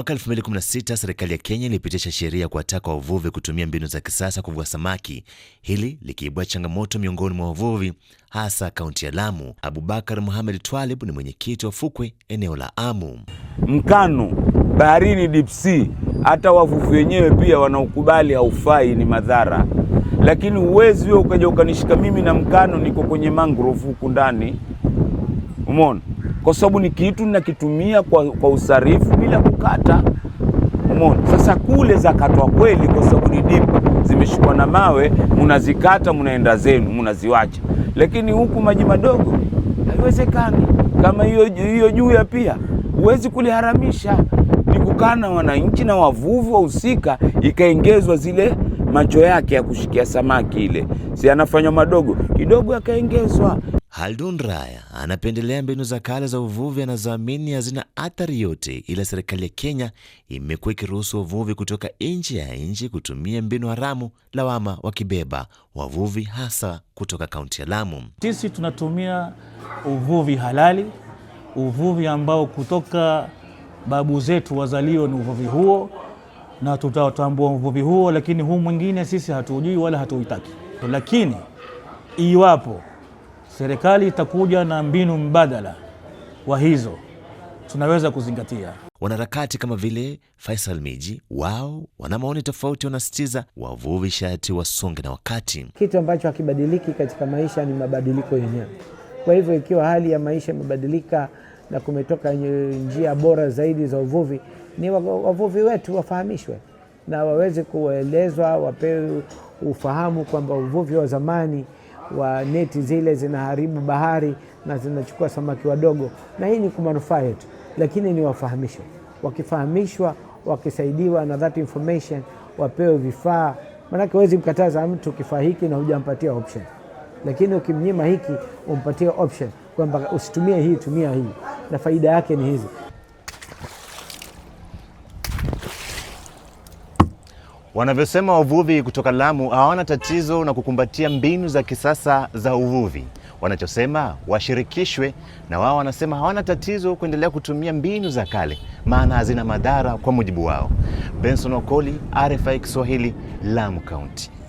Mwaka 2016 serikali ya Kenya ilipitisha sheria ya kuwataka wavuvi kutumia mbinu za kisasa kuvua samaki, hili likiibua changamoto miongoni mwa wavuvi, hasa kaunti ya Lamu. Abubakar Muhamed Twalib ni mwenyekiti wa fukwe eneo la Amu. Mkano baharini deep sea, hata wavuvi wenyewe pia wanaokubali haufai, ni madhara. Lakini uwezi wewe ukaja ukanishika mimi na mkano, niko kwenye mangrove huku ndani, umeona kwa sababu ni kitu ninakitumia kwa, kwa usarifu bila kukata moto. Sasa kule zakatwa kweli, kwa sababu ni dipa zimeshikwa na mawe, munazikata munaenda zenu munaziwacha, lakini huku maji madogo haiwezekani. Kama hiyo hiyo juu ya pia huwezi kuliharamisha, ni kukaa na wananchi na wavuvi wahusika, ikaengezwa zile macho yake ya kushikia samaki ile, si anafanywa madogo kidogo, yakaengezwa Haldun Raya anapendelea mbinu za kale za uvuvi. Anazoamini hazina athari yote, ila serikali ya Kenya imekuwa ikiruhusu wavuvi kutoka nje ya nchi kutumia mbinu haramu, lawama wakibeba wavuvi hasa kutoka kaunti ya Lamu. Sisi tunatumia uvuvi halali, uvuvi ambao kutoka babu zetu wazalio ni uvuvi huo, na tutatambua uvuvi huo, lakini huu mwingine sisi hatujui wala hatuitaki, lakini iwapo serikali itakuja na mbinu mbadala wa hizo tunaweza kuzingatia. Wanaharakati kama vile Faisal Miji wao wana maoni tofauti, wanasitiza wavuvi shati wasonge na wakati. Kitu ambacho hakibadiliki katika maisha ni mabadiliko yenyewe. Kwa hivyo ikiwa hali ya maisha imebadilika na kumetoka njia bora zaidi za uvuvi, ni wavuvi wetu wafahamishwe na waweze kuelezwa, wapewe ufahamu kwamba uvuvi wa zamani wa neti zile zinaharibu bahari na zinachukua samaki wadogo, na hii ni kwa manufaa yetu, lakini ni wafahamishwe. Wakifahamishwa, wakisaidiwa na that information, wapewe vifaa, maanake huwezi mkataza mtu kifaa hiki na hujampatia option, lakini ukimnyima hiki umpatie option kwamba usitumie hii, tumia hii na faida yake ni hizi. Wanavyosema wavuvi kutoka Lamu hawana tatizo na kukumbatia mbinu za kisasa za uvuvi. Wanachosema washirikishwe, na wao wanasema hawana tatizo kuendelea kutumia mbinu za kale, maana hazina madhara kwa mujibu wao. Benson Okoli, RFI Kiswahili, Lamu County.